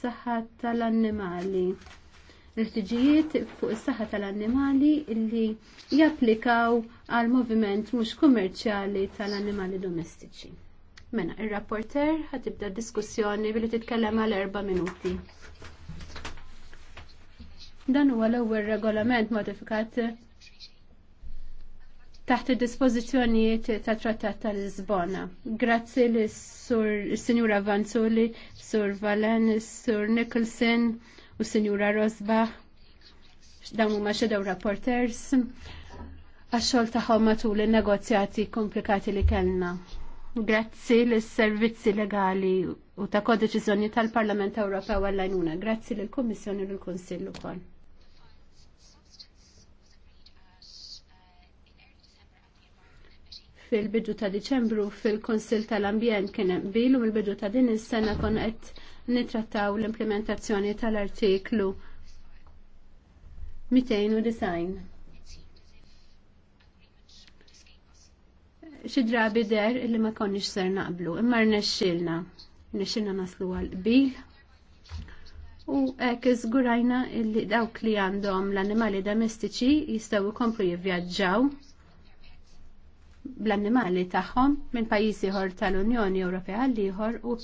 saħħa tal-annimali. l ħtiġijiet fuq is-saħħa tal-annimali illi japplikaw għal moviment mhux kummerċjali tal-annimali domestiċi. Mena, ir-rapporter ħatibda diskussjoni billi titkellem għal erba' minuti. Dan huwa l-ewwel regolament modifikat taħt il-dispozizjonijiet ta' trattat ta' Lisbona. Grazzi li sur Sinjura Vanzuli, Sur Valen, Sur Nicholson u Sinjura Rosbach. Dawn huma xedew rapporters għax-xogħol tagħhom matul in-negozjati komplikati li kellna. Grazzi lis servizzi legali u ta' kodeċizjoni tal-Parlament Ewropew għall-għajnuna. Grazzi lill kummissjoni u l-Konsillu ukoll. fil-bidu ta' Diċembru fil-Konsil tal-Ambjent kien hemm bilu mill-bidu ta' din is-sena kon qed nittrattaw l-implementazzjoni tal-artiklu 209. Xi drabi der li ma konniex ser naqblu, imma rnexxilna. Rnexxilna naslu għall qbil u hekk iżgurajna li dawk li għandhom l-annimali domestiċi jistgħu jkomplu jivvjaġġaw bl-annimali tagħhom minn pajjiżi ieħor tal-Unjoni Ewropea għal ieħor u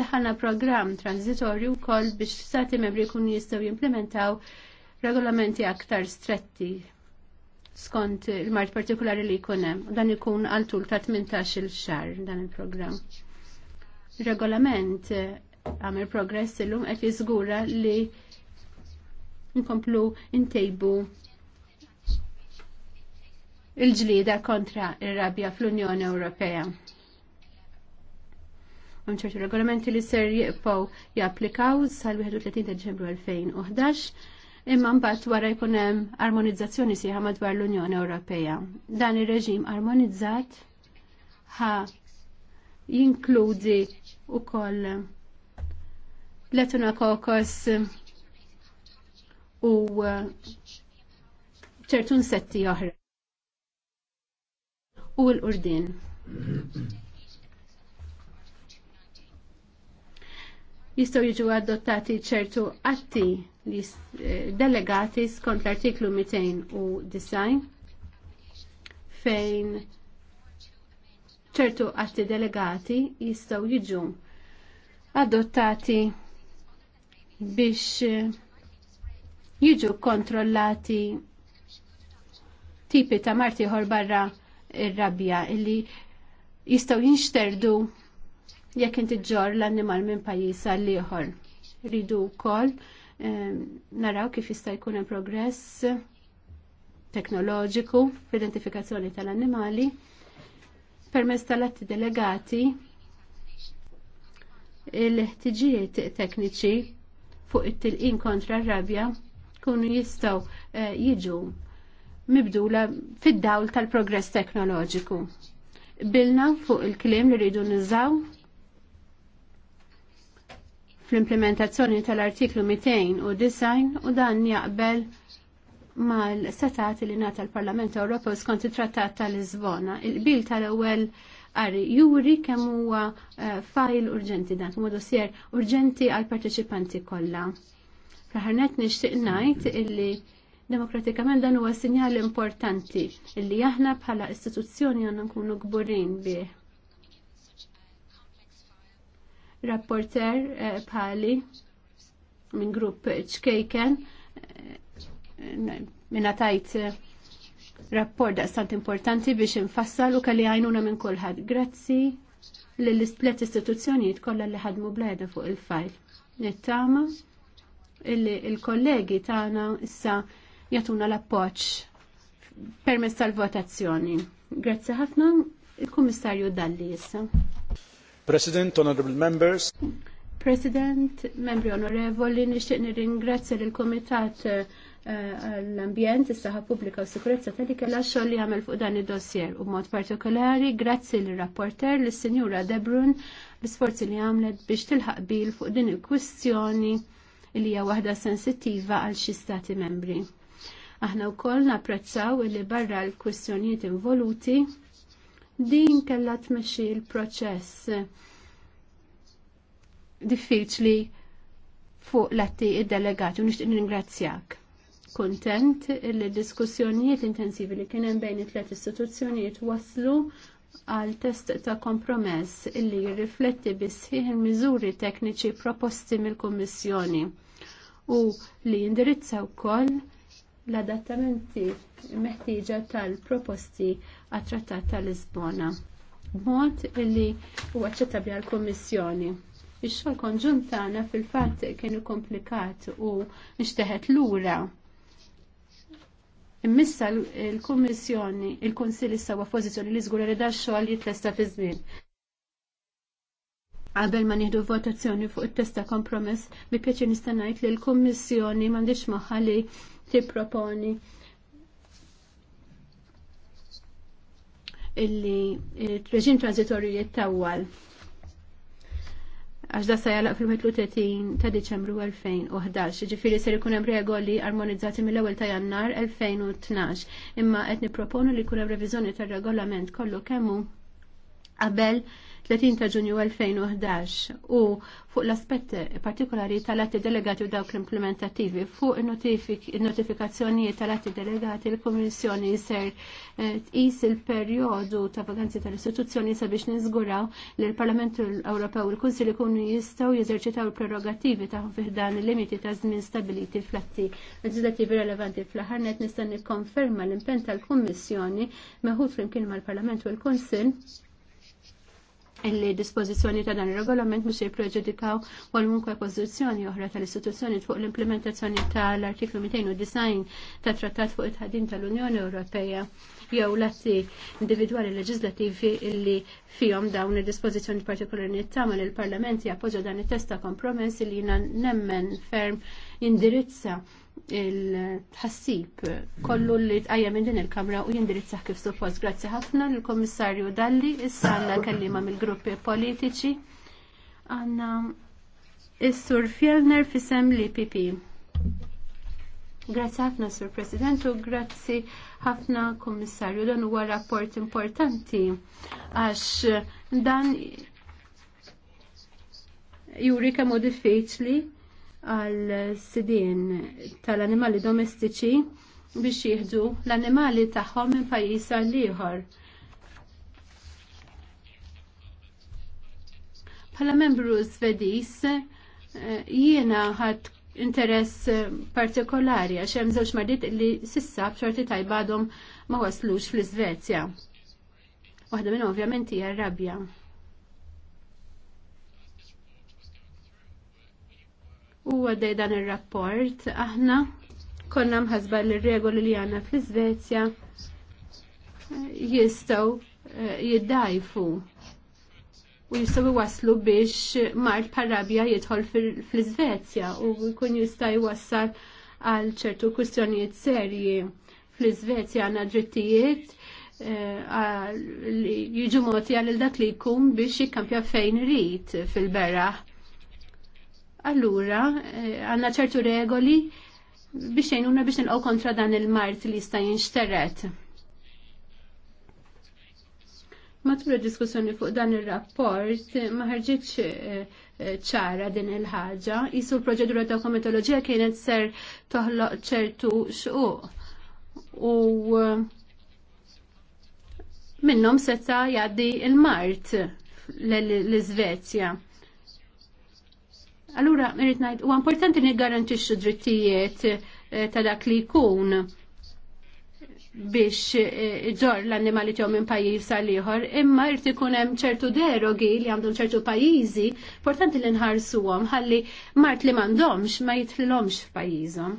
daħalna programm transitorju wkoll biex stati membri jkunu jistgħu jimplementaw regolamenti aktar stretti skont il-mart partikolari li jkun hemm. Dan ikun għal tul ta' 18 il xahar dan il-programm. Regolament għamil progress illum qed jiżgura li nkomplu ntejbu il-ġlida kontra ir-rabja fl-Unjoni Ewropea. Hemm regolamenti li ser jibqgħu japplikaw sal-31 ta' Deċembru 2011 imma mbagħad wara jkun hemm armonizzazzjoni sieħa madwar l-Unjoni Ewropea. Dan ir-reġim armonizzat ħa jinkludi ukoll letuna kokos u ċertun setti oħra u l-Urdin. Jistgħu jiġu adottati ċertu atti li eh, delegati skont l-artiklu design fejn ċertu atti delegati jistgħu jiġu adottati biex eh, jiġu kontrollati tipi ta' martiħor barra ir-rabja illi jistgħu jinxterdu jekk inti ġor l-annimal minn pajjiż għal liħor. Ridu wkoll ehm, naraw kif jista' jkun hemm progress teknoloġiku fl-identifikazzjoni tal-annimali permezz tal-atti delegati il-ħtiġijiet tekniċi fuq it-tilqin kontra r-rabja kunu jistaw eh, jiġu mibdula fid-dawl tal-progress teknoloġiku. Bilna fuq il-klim li rridu nizzaw fl-implementazzjoni tal-artiklu 200 u dan jaqbel mal-setat li nata l-Parlament Ewropew skont it-Trattat tal-Lisbona. Il-bil tal-ewwel għarri juri kemm huwa eh, fajl urġenti dan, huwa dossier urġenti għal parteċipanti kollha. Fraħarnet nixtieq ngħid illi demokratikament dan huwa sinjal importanti illi aħna bħala istituzzjoni għandna nkunu gburin bih. Rapporter eh, bħali minn grupp ċkejken eh, minna tajt eh, rapport daqstant importanti biex infassal u kalli għajnuna minn kolħad. Grazzi l-istlet istituzzjonijiet kollha li ħadmu bleda fuq il-fajl. Nittama il-kollegi tagħna issa jatuna l-appoċ permess tal-votazzjoni. Grazzi ħafna il-Kummissarju Dalli issa. President, Honorable Members. President, membri onorevoli, nixtieq nirringrazzja lill kumitat eh, l-ambjent, is-saħħa pubblika u sikurezza tal kellha xogħol li jagħmel fuq dan id-dossier u mod partikolari grazzi l rapporter l sinjura Debrun l-isforzi li għamlet biex tilħaq bil fuq din il-kwistjoni li hija waħda sensittiva għal xi stati membri. Aħna wkoll napprezzaw illi barra l-kwistjonijiet involuti din kellha tmexxi l-proċess diffiċli fuq l-atti id-delegati u nixtieq ningrazzjak. Kuntent li diskussjonijiet intensivi li kien hemm bejn it tlet istituzzjonijiet waslu għal test ta' kompromess illi jirrifletti bisħiħ il-miżuri tekniċi proposti mill-Kummissjoni u li jindirizza wkoll l-adattamenti meħtieġa tal-proposti għat-Trattat tal-Lisbona b'mod li huwa aċċettabbli għall kummissjoni Ix-xogħol konġunt tagħna fil-fatt kien komplikat u nixteħet lura. Immissa l-Kummissjoni, il-Kunsill issa huwa pożizzjoni li żgur li da xogħol jitlesta fi żmien qabel ma nieħdu votazzjoni fuq it-testa kompromess, bi pjaċi ngħid li l-Kummissjoni m'għandix magħha li tipproponi illi reġim transitorju jittawwal għax da sa jalaq fil-31 ta' Deċembru 2011, ġifiri ser ikun hemm regoli armonizzati mill-ewwel ta' Jannar 2012, imma qed nipproponu li jkun hemm reviżjoni tar-regolament kollu kemmu qabel 30 ta' ġunju 2011 u fuq l-aspett partikolari tal-atti delegati u dawk l-implementativi fuq il-notifikazzjonijiet tal-atti delegati l-Komissjoni ser eh, tqis il-perjodu ta' vaganzi tal-istituzzjoni sabiex niżguraw li l-Parlament Ewropew u l-Kunsil ikunu jistgħu jeżerċitaw il-prerogativi tagħhom fih dan il-limiti ta' żmien stabiliti fl-atti leġislattivi relevanti fl-aħħar net nista' nikkonferma l-impenn tal-Kummissjoni meħud flimkien mal-Parlament u l-Kunsil il-li dispożizzjoni ta' dan ir-regolament mhux jippreġudikaw kwalunkwe pożizzjoni oħra tal-istituzzjoni fuq l-implementazzjoni tal-artiklu 209 tat-Trattat fuq it-ħadin tal-Unjoni Ewropea jew l-atti individwali leġislattivi illi fihom dawn id-dispożizzjoni partikolari nittama l parlament jappoġġa dan it-testa kompromess li jina nemmen ferm indirizza il-ħassib kollu li tqajja minn din il-kamra u jindirizzah kif suppost. Grazzi ħafna l-Komissarju Dalli, issa għanna kellima mill-gruppi politiċi. Għanna Is-Sur Fjellner fisem li PP. Grazzi ħafna, Sur President, u grazzi ħafna Komissarju. Dan huwa rapport importanti għax dan juri kemm diffiċli għal sidien tal-animali domestiċi biex jieħdu l-animali tagħhom minn pajjiż għal ieħor. Bħala membru svedis, eh, jiena ħadd interess partikolari għax hemm żewġ mardiet li sissa b'xorti tajbadhom ma waslux fl-Iżvezja. Waħda minn ovvjament hija rabja u għaddej dan il-rapport, aħna konna mħazba l-regoli li għanna fl-Svezja jistaw eh, jiddajfu u jistaw waslu biex mart parrabja jidħol fl-Svezja u jkun jista' jwassal għal ċertu kustjonijiet serji fl-Svezja għanna drittijiet eh, jiġu moti għal dak li jkun biex jikkampja fejn rrit fil-berraħ allura eh, għandna ċertu regoli biex jgħinuna biex nilqgħu kontra dan il-mart li jista' jinxterret. Matul id-diskussjoni fuq dan ir-rapport ma ħarġitx eh, ċara din il-ħaġa. Isu l proġedura ta' komitoloġija kienet ser toħloq ċertu xquq. U eh, minnom seta' jgħaddi il-Mart l-Iżvezja. Allura, irrit ngħid, huwa importanti niggarantixxu drittijiet eh, ta' dak li jkun biex ġor eh, l-annimali tiegħu minn pajjiż sal ieħor, imma jrid ikun hemm ċertu derogi li għandhom ċertu pajjiżi, importanti li nħarsuhom ħalli mart li m'għandhomx ma jitlilhomx f'pajjiżhom.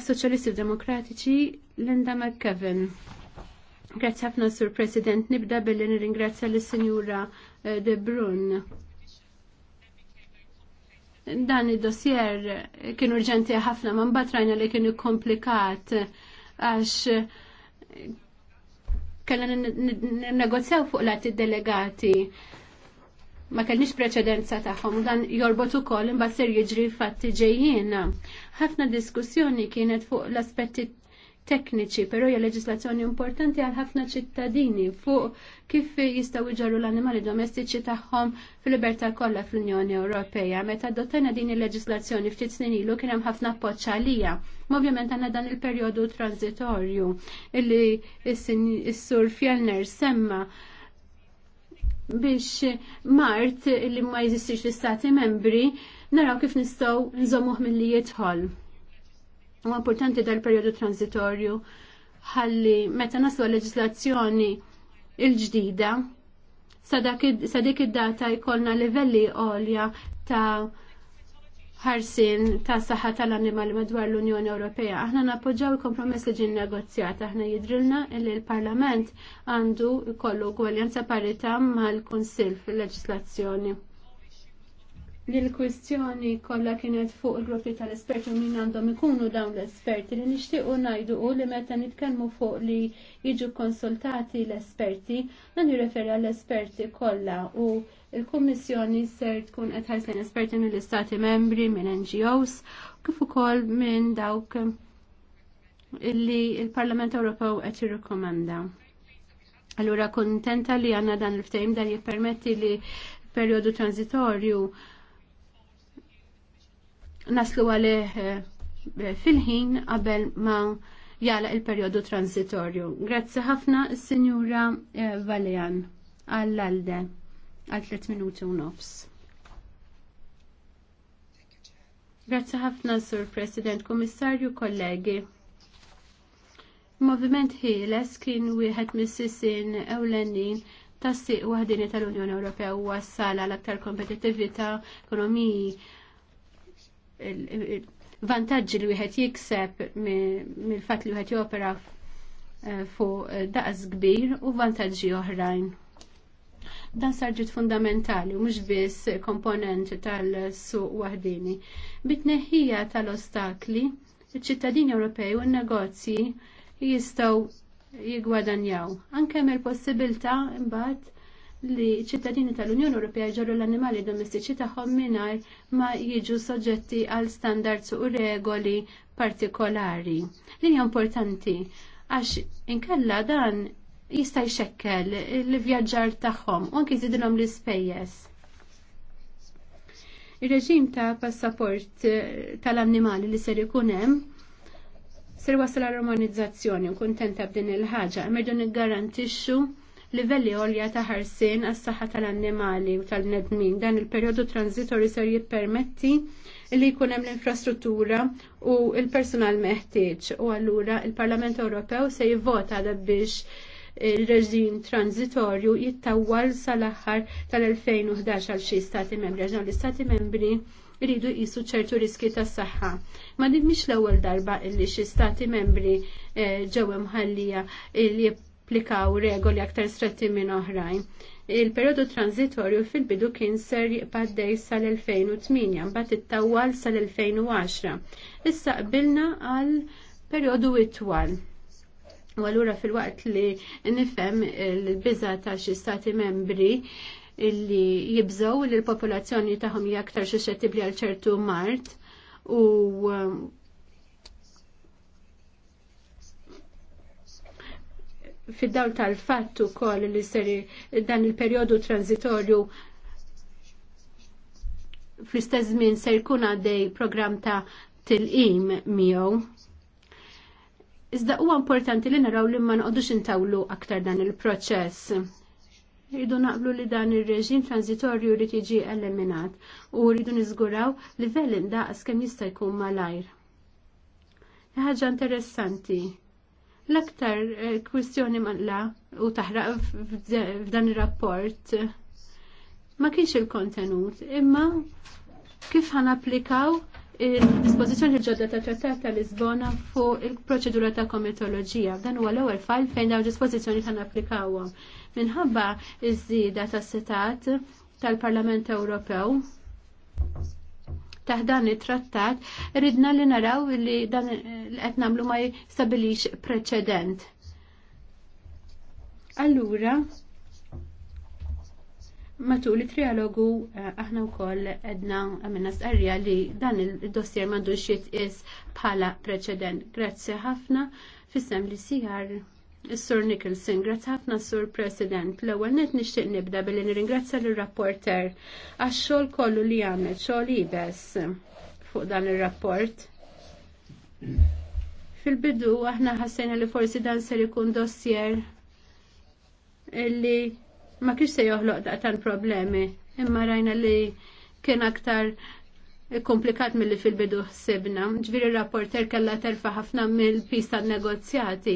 As-Soċjalisti Demokratiċi Linda McKevin. Grazie ħafna, Sur President. Nibda billi nirringrazzja l sinjura eh, De Brun. Dan id-dossier kien urġenti ħafna, man batrajna li kien komplikat għax kellna negozjaw fuq lati delegati ma kellniex preċedenza tagħhom u dan jorbot ukoll imbagħad ser jiġri fatti ġejjin. Ħafna diskussjoni kienet fuq l-aspetti tekniċi, pero hija leġislazzjoni importanti għal ħafna ċittadini fuq kif jistgħu jġorru l-annimali domestiċi tagħhom fil-libertà kollha fl-Unjoni Ewropea. Meta adottajna din il-leġislazzjoni ftit snin ilu kien hemm ħafna appoġġ għalija. Ma ovvjament għandna dan il-perjodu transitorju illi s-sur Fjellner semma biex Mart li ma jeżistix l-Istati membri naraw kif nistgħu nżommuh milli jidħol. U importanti dal-periodu transitorju ħalli meta naslu leġislazzjoni il-ġdida sa dik id-data jkollna livelli għolja ta' ħarsin ta' saħħa tal-annimali madwar l-Unjoni Ewropea. Aħna nappoġġaw il-kompromess li ġin negozjat. Aħna jidrilna li l-Parlament għandu jkollu gwaljanza parità mal-Kunsill fil-leġislazzjoni li l-kwistjoni kollha kienet fuq il-gruppi tal-esperti u min għandhom ikunu dawn l-esperti li nixtiequ ngħidu u li meta nitkellmu fuq li jiġu konsultati l-esperti dan jirreferi għall-esperti kollha u il-Kummissjoni ser tkun qed ħarslen esperti mill-Istati membri, minn NGOs, kif ukoll minn dawk li il-Parlament Ewropew qed jirrikomanda. Allura kuntenta li għandna dan il-ftehim dan jippermetti li periodu transitorju naslu għalih eh, fil-ħin qabel ma jala il-perjodu transitorju. Grazzi ħafna s-Sinjura eh, Valjan għall-alde għal 3 minuti u nofs. Grazzi ħafna, Sur President, Komissarju, kollegi. Moviment ħieles kien wieħed mis-sisin ewlenin tas-siq waħdini tal-Unjoni Ewropea u wassal għal aktar kompetittività, ekonomiji vantaġġi li wieħed jikseb mill-fatt li wieħed jopera eh, fuq eh, daqs kbir u vantaġġi oħrajn. Dan sarġit fundamentali u mhux biss komponent tal-suq waħdini. Bitneħħija tal-ostakli, iċ-ċittadini Ewropej u n-negozji jistgħu jigwadanjaw. Anke mill-possibilità imbagħad li ċittadini tal-Unjoni Ewropea jġorru l-annimali domestiċi tagħhom mingħajr ma jiġu soġġetti għal standards u regoli partikolari. Din hija importanti għax inkella dan jista' jxekkel l-vjaġġar tagħhom u anke jżidilhom l-ispejjeż. Ir-reġim ta' passaport tal-annimali li ser ikun hemm ser wasal romanizzazzjoni u kuntenta b'din il-ħaġa, imma jdu niggarantixxu livelli għolja ta' ħarsien għas saħħa tal-annimali u tal-nedmin. Dan il-perjodu tranzitorju ser jippermetti li jkun hemm l-infrastruttura u l-personal meħtieġ u allura il-Parlament Ewropew se jivvota biex il-reġim tranzitorju jittawwal sal-aħħar tal-2011 għal xi stati membri għal l-istati membri iridu jisu ċertu riski tas saħħa Ma din mhix l-ewwel darba illi xi stati membri eh, ġew imħallija li applikaw regoli aktar stretti minn oħrajn. Il-periodu transitorju fil-bidu kien ser jibaddej sal-2008, mbagħad it-tawwal sal-2010. Issa qbilna għal periodu itwal. U allura fil-waqt li nifhem il-biża ta' xi stati membri illi jibżgħu li l-popolazzjoni tagħhom hija aktar suscettibbli għal ċertu mart u fid-dawl tal-fatt ukoll li seri dan il-perjodu transitorju fl-istess żmien ser jkun għaddej programm ta' tilqim miegħu. Iżda huwa importanti li naraw li ma noqogħdux intawlu aktar dan il-proċess. Rridu naqblu li dan ir-reġim transitorju li tiġi eliminat u rridu niżguraw velin indaqs kemm jista' jkun malajr. Ħaġa interessanti L-aktar eh, kwistjoni maqla u taħraq f'dan ir-rapport ma kienx il-kontenut, imma kif ħan applikaw il-dispożizzjoni ġodda ta' Trattat ta' Lisbona fuq il-proċedura ta' komitoloġija. Dan huwa l-ewwel fall fejn dawn dispożizzjoni ħan applikawhom. Minħabba iż-żieda tas-setat tal-Parlament Ewropew taħdan it-trattat, ridna li naraw li dan qed nagħmlu ma jistabilix preċedent. Allura, matul it-trialogu eh, aħna wkoll edna s sqarrija li dan il-dossier m'għandux is bħala preċedent. Grazzi ħafna fissem li sigar. Is-Sur Nicholson, grazzi ħafna Sur President. L-ewwel nett nixtieq nibda billi nirringrazzja lir-rapporter għax-xogħol kollu li għamel xogħol ibes fuq dan ir-rapport. Fil-bidu aħna ħassejna li forsi dan ser ikun dossier Illi ma kienx se joħloq daqtan problemi, imma rajna li kien aktar komplikat mill-li fil-bidu ħsibna. Ġviri rapporter kella terfa ħafna mill-pista negozjati,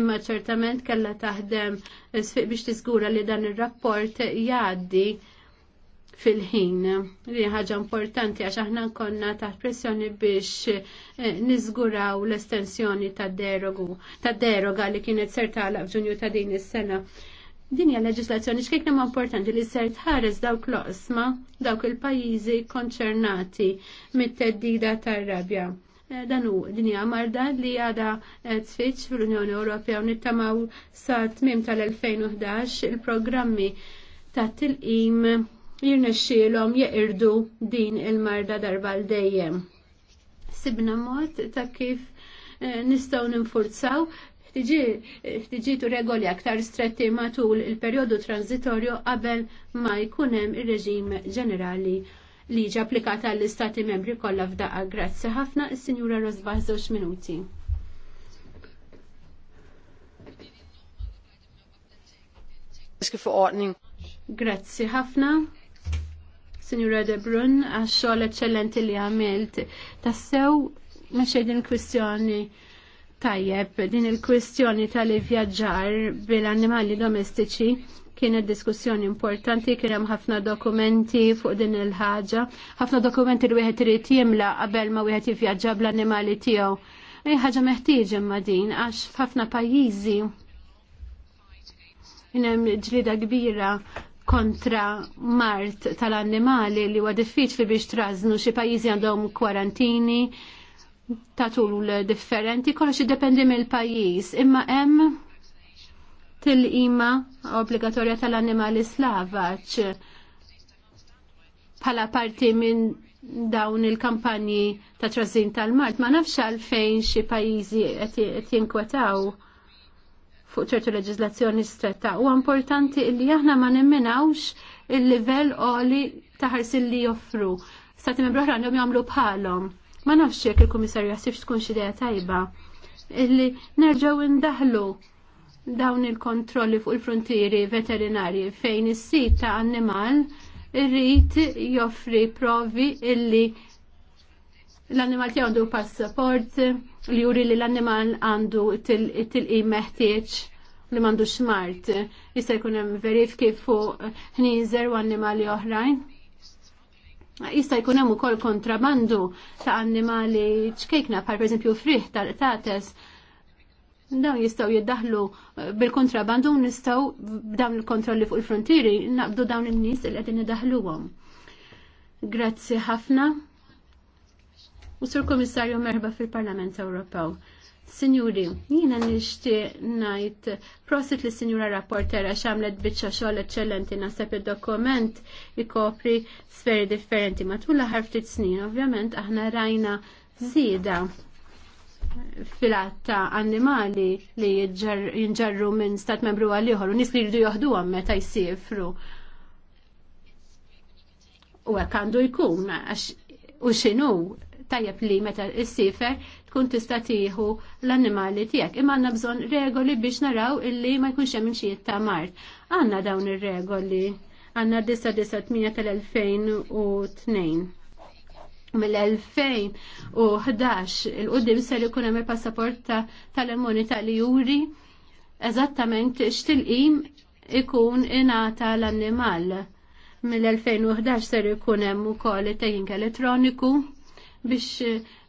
imma ċertament kella taħdem biex tiżgura li dan il-rapport jgħaddi fil-ħin. Li ħaġa importanti għax aħna konna taħt pressjoni biex eh, niżguraw l-estensjoni ta' derogu, ta' deroga li kienet sertala f'Ġunju ta' din is-sena. Din hija leġislazzjoni x'kejkna ma' importanti li ser tħares dawk l-oqsma dawk il-pajjiżi konċernati mit-teddida tar-rabja. Eh, dan hu din hija marda li għada eh, tfittx fl-Unjoni Ewropea u nittamaw sa tmiem tal-2011 il-programmi ta' tilqim jirnexxielhom jeqirdu din il-marda darba l dejjem. Sibna mod ta' kif eh, nistgħu ninfurzaw tu regoli aktar stretti matul il-perjodu transitorju qabel ma jkun hemm ir-reġim ġenerali li ġa applikata għall istati membri kollha f'daqqa. Grazzi ħafna is-Sinjura Rosbach żewġ minuti. Grazzi ħafna. Signora De Brun, għax xogħol eċċellenti li għamilt. Tassew, ma xejn kwistjoni tajjeb din il-kwistjoni tal-ivjaġġar bil-annimali domestiċi kienet diskussjoni importanti, kien hemm ħafna dokumenti fuq din il-ħaġa, ħafna dokumenti li wieħed irid jimla qabel ma wieħed jivjaġġa bl-annimali tiegħu. Ej ħaġa meħtieġ imma din għax f'ħafna pajjiżi hemm ġlida kbira kontra mart tal-annimali li huwa diffiċli biex trażnu xi pajjiżi għandhom kwarantini, ta' tul differenti, kollox jiddependi mill-pajjiż, imma hemm til-ima obbligatorja tal-annimali slavaċ bħala parti minn dawn il-kampanji ta' trażin tal-mart, ma nafx għalfejn xi pajjiżi qed jinkwetaw fuq ċertu leġislazzjoni stretta. U importanti li aħna ma nimminawx il-livell qoli ta' ħarsin li joffru. Stati membru oħra għandhom jagħmlu bħalhom Ma nafx jekk il-Kummissarju jaħsibx tkun xi idea tajba illi nerġgħu indaħlu dawn il-kontrolli fuq il-frontieri veterinari fejn is-sit ta' annimal irrid joffri provi illi l-annimal tiegħu għandu passaport li juri li l-annimal għandu til-qim meħtieġ li m'għandux mart. Jista' jkun hemm verifki fuq ħnieżer u annimali oħrajn. Jista' jkun hemm ukoll kontrabandu ta' annimali ċkejkna bħal pereżempju friħ tal-tates. Dawn jistgħu jiddaħlu eh, bil-kontrabandu u nistgħu dawn il-kontrolli fuq il-frontieri naqbdu dawn in-nies li qegħdin idaħluhom. Grazzi ħafna. U sur Komissarju merba fil-Parlament Ewropew. Signori, jina nishti najt prosit li sinjura rapportera xamlet bitxa xoll eccellenti nasab il-dokument ikopri sferi differenti matul laħar ftit snin. Ovvjament aħna rajna zida filatta animali li jinġarru minn stat membru għal-ieħor u nis li jridu joħdu meta jisifru. U għakandu għandu jkun, u xinu tajjeb li meta s tkun tista' tieħu l-annimali tiegħek. Imma għandna bżonn regoli biex naraw illi ma jkunx hemm xi ta' mart. Għandna dawn ir-regoli għandna 998 tal-2002 mill-2011 il qudiem ser ikun hemm il-passaport tal-immunità li juri eżattament x'tilqim ikun ingħata l-annimal. Mill-2011 ser ikun hemm ukoll it-tejjink elettroniku biex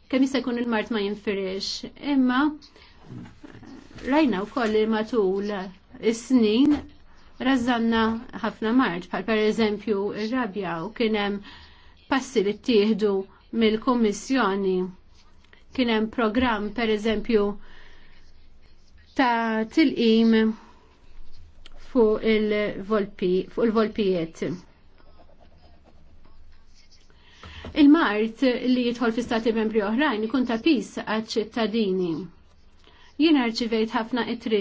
kemm jista' jkun il-mart ma jinfirix. Imma rajna wkoll li matul is-snin razzanna ħafna mart, bħal pereżempju ir rabja u kien hemm passi li ttieħdu mill-Kummissjoni kien hemm programm pereżempju ta' tilqim fuq il-volpijiet. il-mart li jidħol fi stati membri oħrajn ikun ta' pis għad-ċittadini. Jien arċivejt ħafna itri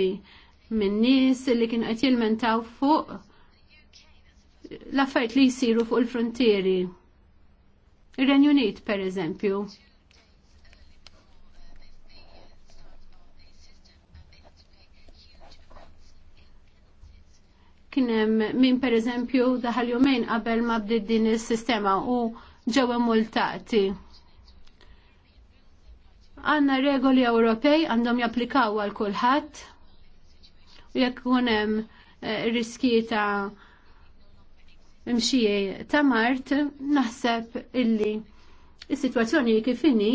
minn nies li kien qed jilmentaw fuq l-affarijiet li jsiru fuq il-frontieri. Ir-Renju Unit, per eżempju, kien hemm min pereżempju daħal jumejn qabel ma bdiet din is-sistema u ġew multati. Għanna regoli Ewropej għandhom japplikaw għal kulħadd u jekk hemm eh, riski ta' mxiej ta' mart, naħseb illi is-sitwazzjoni kif inni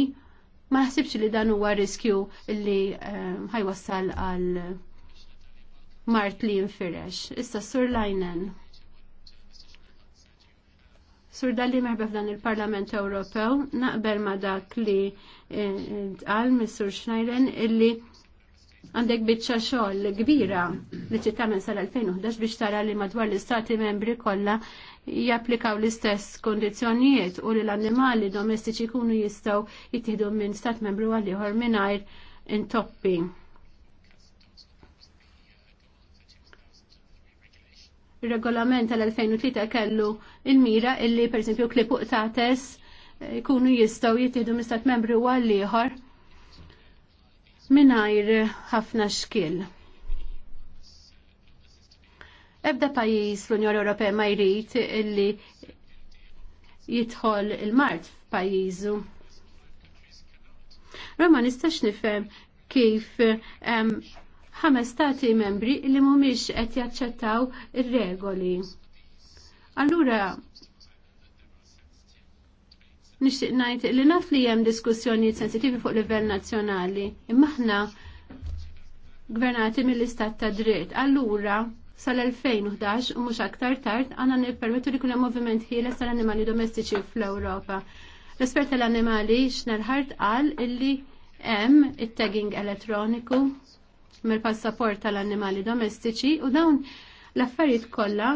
ma naħsibx li dan huwa riskju illi eh, ħajwassal għal mart li jinfirex. Issa sur lajnen. Sur dalli merba f'dan il-Parlament Ewropew, naqbel ma dak li eh, tqal mis-Sur Schneiden illi għandek bitċa xogħol kbira li trid tagħmel sal-2011 biex tara li madwar l-istati membri kollha japplikaw l-istess kondizzjonijiet u li l-annimali domestiċi jkunu jistgħu jittieħdu minn stat membru għal ieħor mingħajr intoppi. regolament tal-2003 kellu il-mira illi per esempio klipuq ta' tess eh, jkunu jistaw jittidu mistat membri u għall-liħor minajr ħafna xkil. Ebda pajis l-Unjoni Ewropea ma jrid illi jidħol il-mart f'pajjiżu. Roma nistax nifhem kif ħames stati membri li mhumiex qed jaċċettaw ir-regoli. Allura nixtieq ngħid li naf li hemm diskussjonijiet sensitivi fuq livell nazzjonali, imma aħna gvernati mill-istat ta' dritt. Allura sal-2011 u mhux aktar tard għandna nippermettu li kun hemm moviment ħieles tal-annimali domestiċi fl-Ewropa. L-espert tal-annimali x'nerħart qal illi hemm it-tagging elettroniku mill-passaport tal-annimali domestiċi u dawn l-affarijiet kollha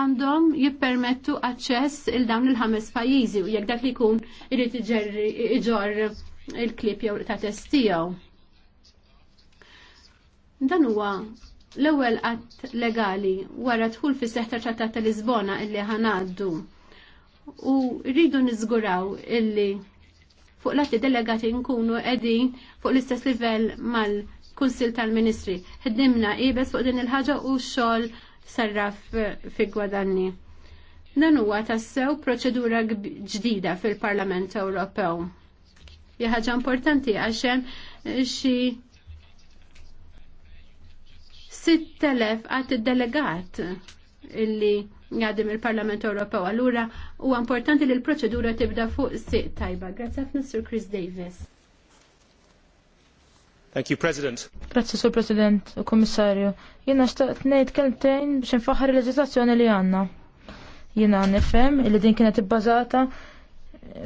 għandhom jippermettu aċċess il dawn il-ħames pajjiżi u jekk dak li jkun irid iġor il-klip jew ta' test Dan huwa l-ewwel qatt legali wara dħul fis seħta ċattat ta' Lisbona illi ħanaddu u rridu niżguraw illi fuq l-atti delegati nkunu edin fuq l-istess livell mal-Kunsil tal-Ministri. Hiddimna ibes fuq din il-ħaġa u xol sarraf fi gwadanni. Dan huwa tassew proċedura ġdida fil-Parlament Ewropew. ħaġa importanti għaxem xi 6000 għat delegat illi għadim il-Parlament Ewropew. Allura huwa importanti li l-proċedura tibda fuq siq tajba. Grazzi ħafna Sir Chris Davis. Thank you, President. Grazzi, Sur President u Kommissarju. Jena xtaqt ngħid kelmtejn biex nfaħħar il-leġislazzjoni li għandna. Jiena nifhem li din kienet ibbażata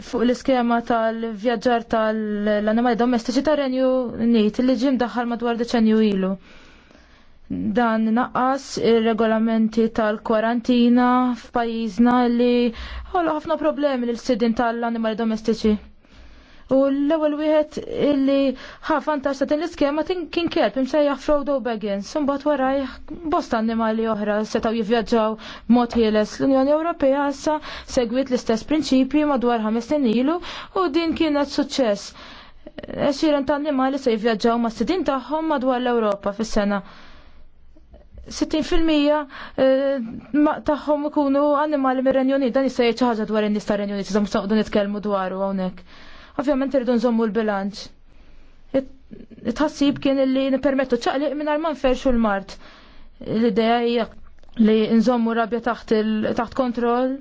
fuq l-iskema tal-vjaġġar tal-animali domestiċi tar-Renju Unit li ġim daħħal madwar deċenju ilu dan naqqas ir-regolamenti tal-kwarantina f'pajjiżna li ħollu ħafna problemi l sidin tal-animali domestiċi. U l-ewwel wieħed illi ħafan ta' din l-iskema kien kelb imsejjaħ Frodo Baggins, imbagħad waraj bosta annimali oħra setgħu jivvjaġġaw b'mod ħieles. L-Unjoni Ewropea issa segwit l-istess prinċipji madwar ħames snin ilu u din kienet suċċess. Xiren ta' annimali se jivvjaġġaw ma' sidin tagħhom madwar l-Ewropa fis-sena. 60% eh, tagħhom ikunu annimali mir-Renju dan jista' jgħid xi ħaġa dwar in-nies tar-Renju Unit, iżda mhux nitkellmu dwaru hawnhekk. Ovvjament irdu nżommu l-bilanċ. Tħassib kien li nipermettu ċaqliq mingħajr ma ferxu l-mart. L-idea hija li nżommu rabja taħt taħt kontroll.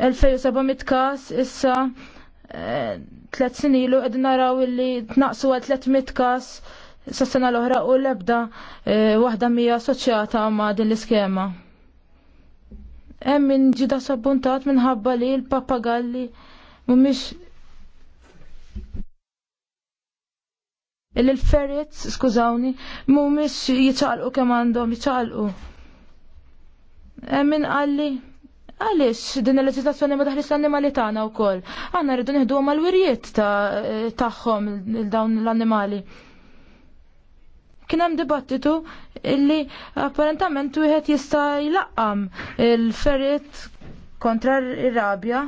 2700 każ issa eh, tliet sinilu qed naraw illi tnaqsu għal 300 kas sas-sena l ohra u l-ebda e, waħda mija assoċjata ma' din l-iskema. Hemm min ġida sabbuntat minħabba li l-pappagalli mhumiex il ferrit skużawni, mhumiex jiċċaqlqu kemm għandhom jitxalqu. Hemm min qalli għaliex din il-leġislazzjoni ma daħlis l-annimali tagħna wkoll. Aħna rridu għom għal wirjiet tagħhom il-dawn l-annimali. Ta Kien hemm dibattitu illi apparentament wieħed jista' jlaqqam il-ferit kontra ir rabja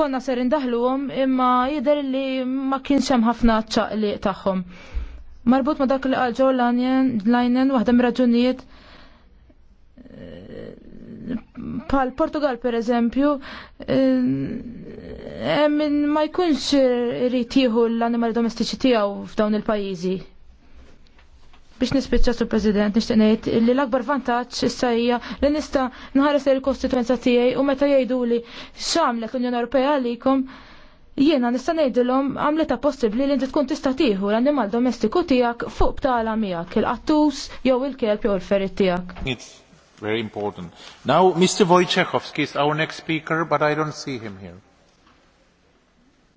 konna ser indaħluhom imma jidher li ma kienx hemm ħafna ċaqliq tagħhom. Marbut ma dak li qal ġew lajnen waħda mir pal Portugal per eżempju eh, eh, min ma jkunx irid jieħu l-animali domestiċi tiegħu f'dawn il-pajjiżi. Biex nispiċċa sur President nixtieq ngħid li l-akbar vantaġġ issa hija li nista' nħares il-kostituenza tiegħi u meta jgħiduli x'għamlet l-Unjoni Ewropea għalikom jiena nista' ngħidilhom għamlita possibbli li inti tkun tista' tieħu l-annimal domestiku tiegħek fuq btala miegħek il-qattus jew il-kelb jew il-ferit tiegħek very important. Now, Mr. Wojciechowski is our next speaker, but I don't see him here.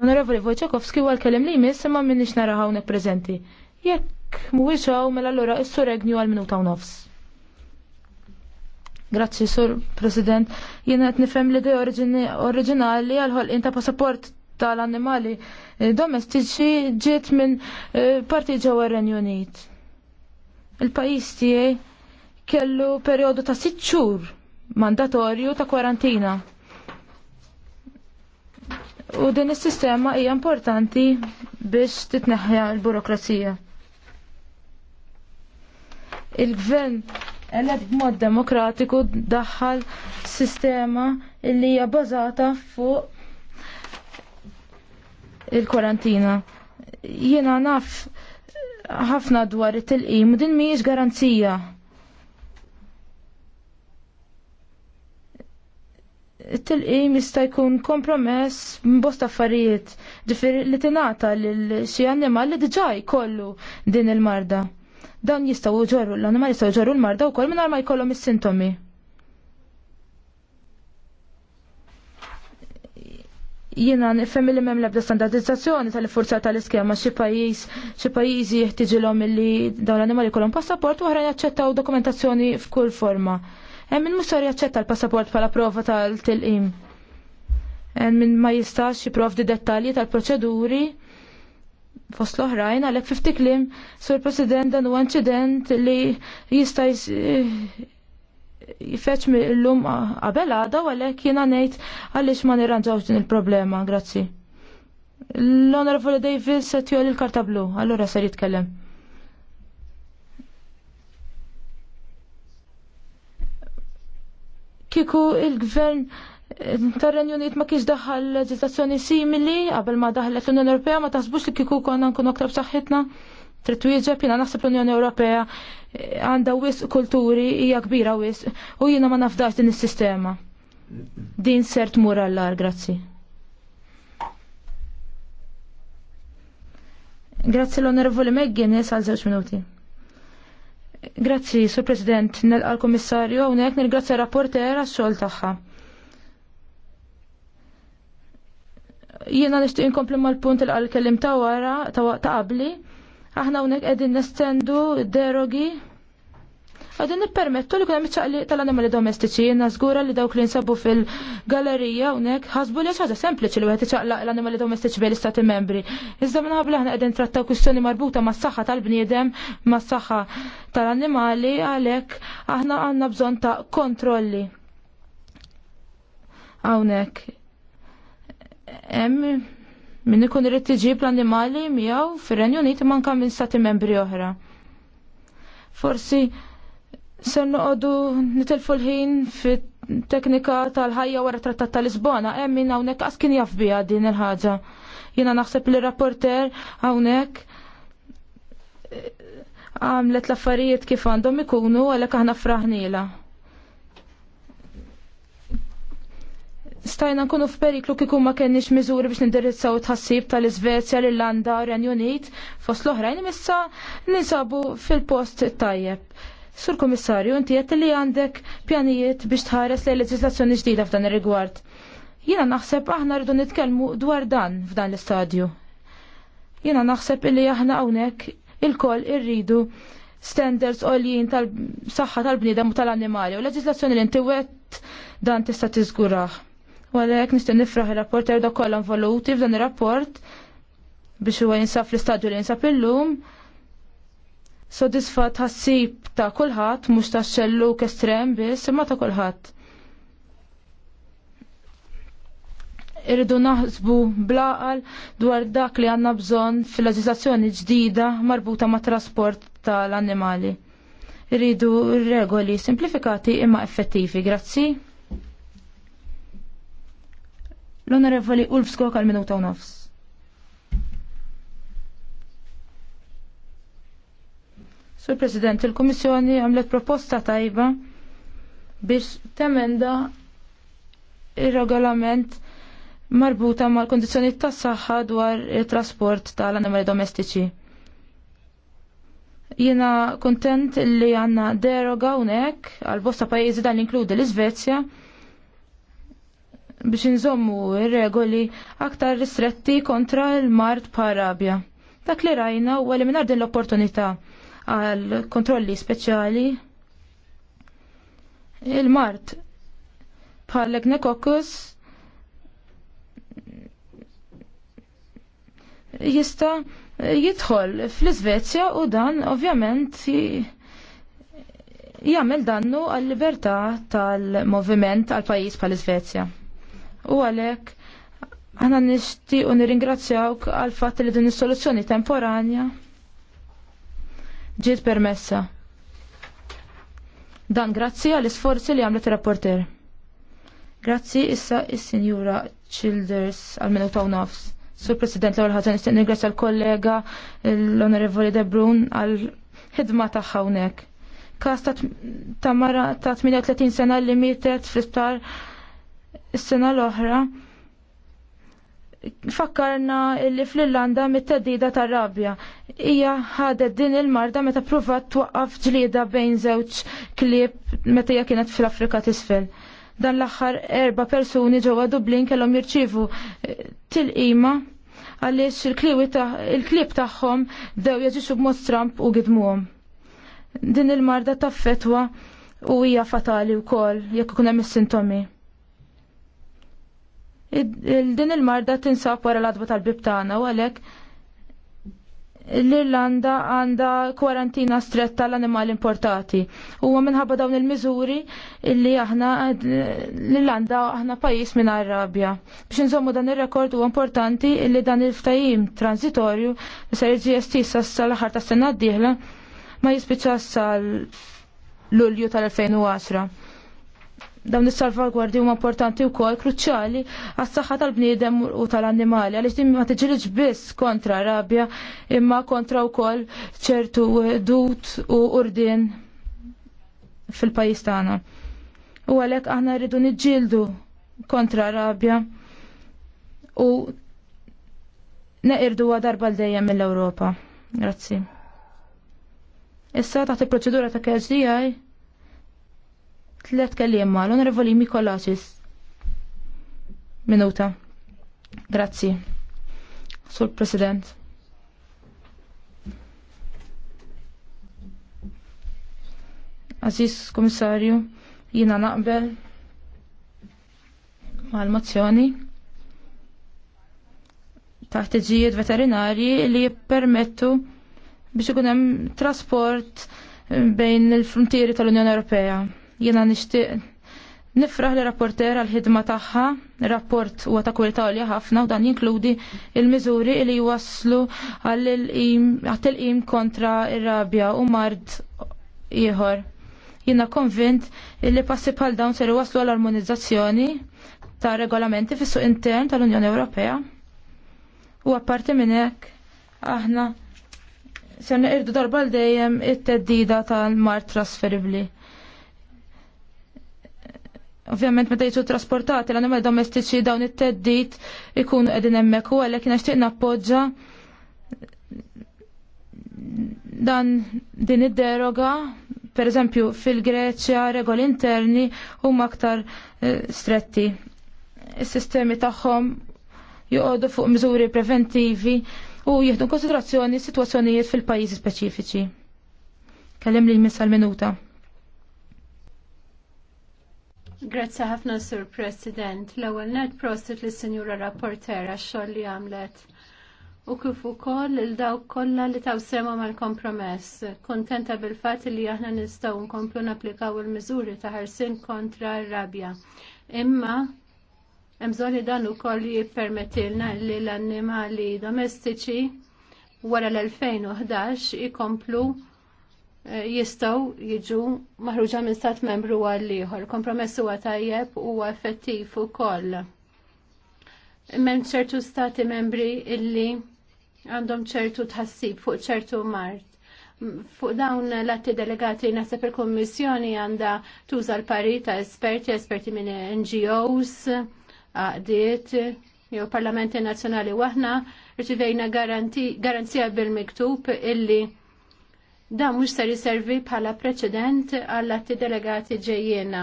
Onorevoli Wojciechowski huwa l-kellim li jmiss imma minnix nara hawnhekk preżenti. Jekk mhuwiex hawn mela allura s-sur Egnew għal minuta u nofs. Grazzi, Sur President. Jien qed nifhem l-idea oriġinali għal ħolqien ta' passaport tal-annimali eh, domestiċi ġiet minn eh, parti ġewwa Renju Unit. Il-pajjiż tiegħi kellu periodu ta' sitt mandatorju ta' kwarantina. U din is-sistema hija importanti biex titneħħja l-burokrazija. Il-gvern eled b'mod demokratiku daħħal sistema illi hija bażata fuq il-kwarantina. Jiena naf ħafna dwar it-tilqim din mhijiex garanzija it-tilqim jista' jkun kompromess bosta affarijiet ġifieri li tingħata lil xi annimal li diġà jkollu din il-marda. Dan jistgħu ġorru l-annimal jistgħu ġorru l-marda wkoll mingħajr ma jkollhom is-sintomi. Jiena nifhem li m'hemm l-ebda standardizzazzjoni tal-forza tal-iskema xi pajjiż xi pajjiżi jeħtieġilhom illi dawn l-annimali jkollhom passaport u oħrajn jaċċettaw dokumentazzjoni f'kull forma. Hemm min mhux jaċċetta l-passaport bħala prova tal-tilqim. Hemm min ma jistax jipprovdi dettalji tal-proċeduri fost l-oħrajn għalhekk fifti sur President dan huwa inċident li jista' eh, jifeċ l-lum qabel għada u għalhekk jiena ngħid għaliex ma nirranġawx din il-problema, grazzi. L-Honorable Davis set jolli l-karta blu, allura ser jitkellem. Kiku il-gvern eh, Tar-Renju Unit ma kienx daħal leġislazzjoni simili qabel ma daħal l-Unjoni Ewropea ma taħsbux li kieku konna nkunu aktar b'saħħitna. Trid wieġeb jiena naħseb l-Unjoni Ewropea eh, għandha wisq kulturi hija kbira wisq u jiena ma nafdax din is-sistema. Din ser tmur għall grazzi. Grazzi l-Onorevoli Meggin, għal żewġ minuti. Grazzi, Sur President, nel l-Komissarju, unek nil-grazzi rapportera għas-xol taħħa. Jiena nishtiq inkomplim mal-punt il-għal kellim ta' wara, ta' qabli, aħna unek edin nestendu derogi għadin nippermettu li kunem ċaqli tal-animali domestiċi, jenna zgura li dawk li nsabu fil-galerija unek, ħasbu li ċaħġa sempliċi li għet ċaqla l-animali domestiċi bej l-istati membri. Iżda minna għabla ħna għedin trattaw kustjoni marbuta ma' s-saxħa tal-bniedem, ma' s-saxħa tal-animali, għalek aħna għanna bżon ta' kontrolli. Għawnek. Emmi, Min ikun irrid tiġib l-annimali miegħu fir-Renju Unit manka minn stati membri oħra. Forsi se noqogħdu nitilfu l-ħin fit-teknika tal-ħajja wara trattat tal-Lisbona, hemm min hawnhekk qas kien din il-ħaġa. Jiena naħseb li rapporter hawnhekk eh, għamlet l-affarijiet kif għandhom ikunu għalhekk aħna fraħnila. Stajna nkunu f'periklu kieku ma kenniex miżuri biex nindirizzaw tħassib tal-Iżvezja, l-Irlanda, Renju Unit, fost l-oħrajn issa ninsabu fil-post tajjeb Sur Komissarju, inti qed li għandek pjanijiet biex tħares lejn leġislazzjoni ġdida f'dan ir-rigward. Jiena naħseb aħna rridu nitkellmu dwar dan f'dan l-istadju. Jiena naħseb illi aħna hawnhekk il-koll irridu standards għoljien tal-saħħa tal-bniedem u tal-annimali u leġislazzjoni li intiwet dan tista' tiżgurah. Għalek nisten nifraħ il-rapport erda kollan voluti f'dan il-rapport biex huwa jinsaf l-istadju li jinsaf illum sodisfat ħassib ta' kulħadd mhux ta' xelluk estrem biss imma ta' kulħadd. Irridu naħsbu blaqal dwar dak li għandna bżonn fil-leġislazzjoni ġdida marbuta ma' trasport tal-annimali. Irridu regoli simplifikati imma effettivi. Grazzi. L-Onorevoli Ulf Skok għal minuta u nofs. Sur President, il-Kummissjoni għamlet proposta tajba biex temenda ir-regolament marbuta mal-kondizjoni tas saħħa dwar il-trasport tal-animali domestiċi. Jiena kontent li għanna deroga unek għal-bosta pajizi dan inkludi l-Svezja biex nżommu regoli aktar ristretti kontra l-mart parabja. Dak li rajna u għalli din l-opportunità għal kontrolli speċjali. Il-Mart bħal Negnococcus jista jidħol fl svezja u dan ovvjament jagħmel dannu għal libertà tal-moviment għal pajjiż bħal iżvezja U għalhekk aħna nixtiequ nirringrazzjawk għal fatt li din is-soluzzjoni temporanja ġiet permessa. Dan grazzi għall isforzi li għamlet rapporter. Grazzi issa is-Sinjura Childers għal minuta u nafs. Sur President l-ewwel ħaġa nixtieq ningrazzja l-kollega l-Onorevoli De Brun għal ħidma tagħha hawnhekk. Każ ta' mara ta' 38 sena li mietet fl-isptar is-sena l-oħra fakkarna li fl-Irlanda mit-teddida tar-rabja. Hija ħadet din il-marda meta pruvat twaqqaf ġlieda bejn żewġ klieb meta hija kienet fl-Afrika t'isfel. Dan l-aħħar erba persuni ġewwa Dublin kellhom jirċivu eh, tilqima għaliex il-klib tagħhom dew jaġixu b'mod stramp u gidmuhom. Din il-marda taffetwa u hija fatali wkoll jekk ikun hemm is-sintomi din il-marda tinsab wara l-adba tal-bibtana u għalek l-Irlanda għanda kwarantina stretta l-animali importati. U minħabba dawn il-mizuri li aħna l-Irlanda aħna pajis minn Arabja. Biex nżommu dan il-rekord u importanti li dan il-ftajim transitorju li ser GST sassa l-ħar ta' sena d dieħla ma jispiċa sal lulju tal-2010 dawn is-salvagwardji huma importanti wkoll kruċjali għas-saħħa tal-bniedem u tal-annimali għaliex din ma tiġilx biss kontra rabja imma kontra wkoll ċertu dut u urdin fil-pajjiż tagħna. U għalhekk aħna rridu niġġieldu kontra rabja u neqirdu darba l-dejjem mill-Ewropa. Grazzi. Issa taħt il-proċedura ta' KSDI tlet kelliem ma l-onorevoli Mikolasis. Minuta. Grazzi. Sur President. Aziz Komissarju, jina naqbel mal-mozzjoni taħt iġijiet veterinarji li jippermettu biex ikun hemm trasport bejn il-frontieri tal-Unjoni Ewropea. Jiena nixtieq nifraħ li rapporter għal ħidma tagħha, rapport huwa ta' kwalità għalja ħafna u dan jinkludi il-miżuri li jwasslu għat-tilqim kontra ir-rabja u mard ieħor. Jiena konvint li passi bħal dawn ser waslu għall armonizzazzjoni ta' regolamenti fis-suq intern tal-Unjoni Ewropea. U apparti minn hekk aħna se irdu darba l dejjem it-teddida tal-mar trasferibbli. Ovvjament meta jiġu trasportati l-animali domestiċi dawn it-teddit ikunu qegħdin hemmhekk u għalhekk nixtieq nappoġġa dan din id-deroga per eżempju fil-Greċja regoli interni huma aktar eh, stretti. Is-sistemi tagħhom joqogħdu fuq miżuri preventivi u jieħdu konsiderazzjoni situazzjonijiet fil-pajjiżi speċifiċi. Kellem li jmiss minuta Grazzi ħafna, Sur President. L-ewwel net prostit lis sinjura Rapporter għax-xogħol li għamlet. U kif ukoll il dawk kollha li taw sema mal-kompromess. Kontenta bil-fatt li aħna nistgħu nkomplu napplikaw il-miżuri ta' ħarsin kontra r-rabja. Imma hemm bżonn li dan ukoll jippermettilna li l-annimali domestiċi wara l-2011 ikomplu jistaw jiġu maħruġa minn stat membru għal ieħor. Kompromess huwa tajjeb huwa u ukoll. Imma ċertu stati membri illi għandhom ċertu tħassib fuq ċertu mart. Fuq dawn l-atti delegati naħseb il-Kommissjoni għandha tuża l-parita esperti, esperti minn NGOs, għadiet, jew Parlamenti Nazzjonali waħna, rċivejna garanzija bil-miktub illi Da mhux ser jiservi bħala preċedent għall atti delegati ġejjena.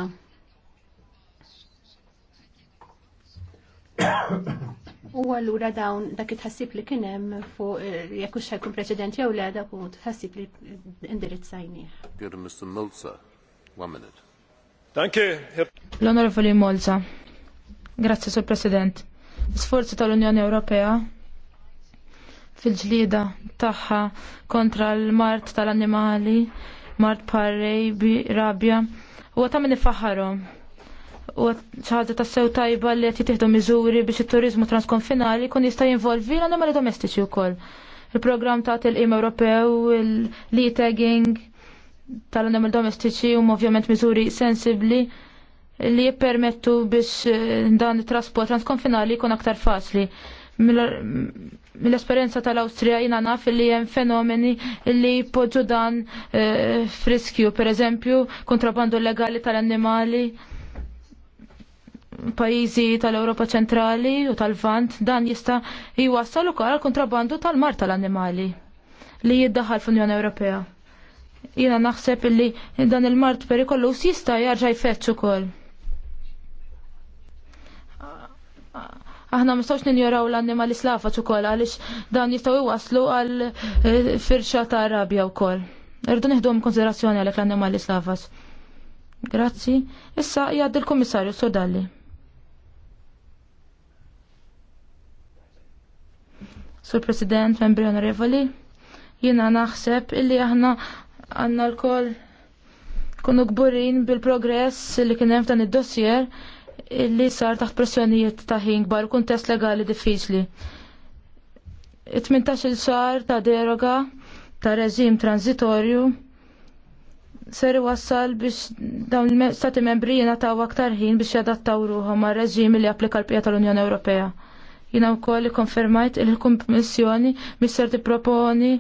U allura dawn dak it-ħassib li kien hemm fuq eh, jekk hux ħajkun preċedent jew le dak hu tħassib li indirizzajnih. Good Mr. Molza, one minute. L-Onorevoli Molza. Grazzi, Sur President. Sforzi tal-Unjoni Ewropea fil-ġlieda tagħha kontra l-mart tal-annimali, mart parrej, rabja. U għata minni faħarom. U ċaħġa ta' sew tajba li għati tiħdu miżuri biex il-turizmu transkonfinali kun jista' jinvolvi l-annimali domestiċi u koll. Il-program ta' il-im Ewropew, il tagging tal-annimali domestiċi u ovvjament miżuri sensibli li jippermettu biex dan it-trasport transkonfinali jkun aktar faċli mill-esperienza tal-Awstrija jina naf li hemm fenomeni li poġġu dan eh, friskju, per eżempju, kontrabandu legali tal-annimali pajizi tal-Europa ċentrali u tal-Vant, dan jista' jwassal ukoll kontrabandu tal-mar tal-annimali li jiddaħħal fl-Unjoni Ewropea. Jina naħseb li dan il-mart perikolus jista' jarġa' jfetx ukoll. Aħna mistawx ninjoraw l-annimali slafa ukoll għaliex dan jistgħu iwaslu għal eh, firxa ta' rabja wkoll. Irdu nieħduhom konsiderazzjoni għalhekk l-annimali slafas. Grazzi. Issa jgħaddi l-Kummissarju Sodalli. Sur President, membri onorevoli, jiena naħseb illi aħna għanna l-koll kunu gburin bil-progress li kien hemm f'dan id-dossier illi sar taħt pressjonijiet ta' ħin kbar kuntest legali diffiċli. 18 xar ta' deroga ta' reżim transitorju ser iwassal biex dawn l-Stati membri jingħataw aktar ħin biex jadattaw ruħhom għar reġim li applika l-pija tal-Unjoni Ewropea. Jiena wkoll ikkonfermajt li l kummissjoni biex ser tipproponi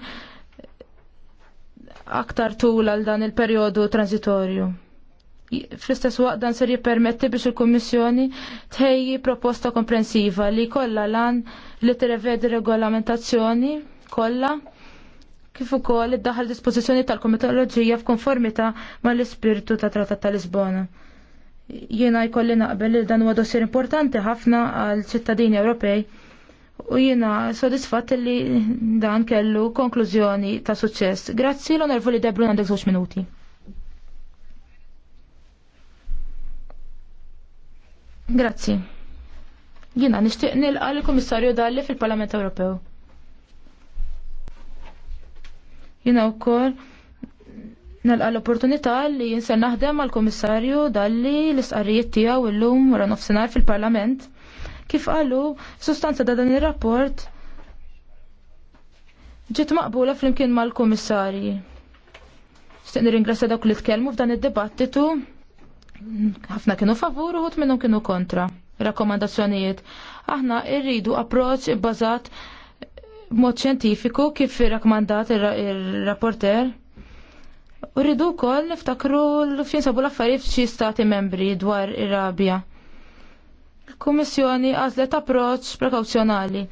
aktar tul għal dan il-perjodu transitorju fl-istess waqt dan ser jippermetti biex il-Kummissjoni tħejji proposta komprensiva li kollha lan li tirrevedi regolamentazzjoni kollha kif ukoll iddaħħal dispożizzjoni tal-komitoloġija f'konformità mal-ispirtu ta' Trattat ta' Lisbona. Jiena jkolli naqbel li dan huwa dossier importanti ħafna għal ċittadini Ewropej u jiena sodisfatt li dan kellu konklużjoni ta' suċċess. Grazzi l-onorfu li debru għandek żewġ minuti. Grazzi. Jina nishtiq nilqa l-Komissarju Dalli fil-Parlament Ewropew. Jina u koll nilqa l-opportunità li jinsen naħdem għal komissarju Dalli l-isqarrijiet tiegħu illum wara nofsinhar fil-Parlament. Kif għallu, sustanza da dan ir-rapport ġiet maqbula flimkien mal-komissarji. Stiq nirringrazzja dawk li tkellmu f'dan id-dibattitu ħafna kienu favur uħut minnhom kienu kontra. Rakkomandazzjonijiet. Aħna rridu approċ bazat b'mod xjentifiku kif rakkomandat ir-rapporter. U kol niftakru l-fin sabu l-affarijiet f'xi stati membri dwar ir-rabja. Kummissjoni għażlet approċ prekauzjonali.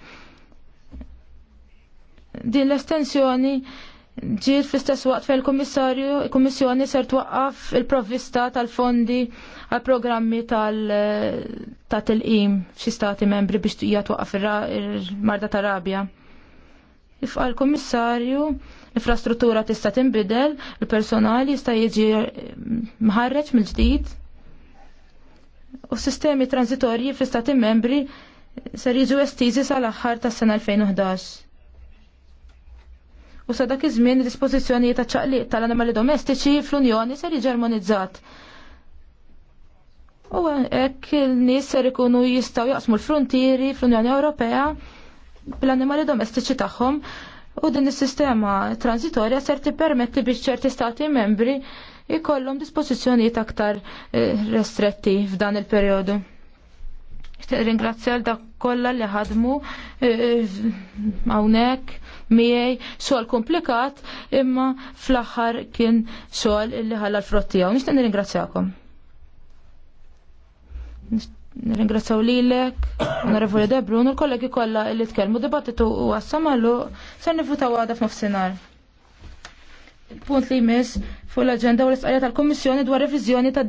Din l-estensjoni ġiet fl-istess waqt fejn il-Kummissarju, il-Kummissjoni ser twaqqaf il-provvista tal-fondi għal programmi tal-tilqim eh, f'xi stati membri biex hija twaqqaf il-Marda tar-Rabja. Ifqal kummissarju l-infrastruttura tista' tinbidel, il-personal jista' jiġi eh, mħarreġ mill-ġdid u s-sistemi transitorji fl-istati membri ser jiġu estiżi sal-aħħar tas-sena 2011 u sa dak iż-żmien dispożizzjonijiet ta' ċaqliq tal-animali domestiċi fl-Unjoni ser jiġermonizzat. U hekk il-nies ser ikunu jistgħu jaqsmu l-frontieri fl-Unjoni Ewropea bl-animali domestiċi tagħhom u din is-sistema transitorja ser tippermetti biex ċerti stati membri jkollhom dispożizzjonijiet aktar eh, restretti f'dan il-perjodu. Ringrazzjal dak kollha li ħadmu eh, eh, hawnhekk Miej xogħol komplikat imma fl-aħħar kien sol illi ħalla l-frott tiegħu. Nixtieq nirringrazzjakom. Nirringrazzaw lilek, onorevoli De Brun, u l-kollegi kollha illi tkellmu dibattitu u għassamallu ser nifutaw għada f'nofsinhar. Il-punt li jmiss fuq l-aġenda u l-isqarja tal komissjoni dwar revizjoni ta'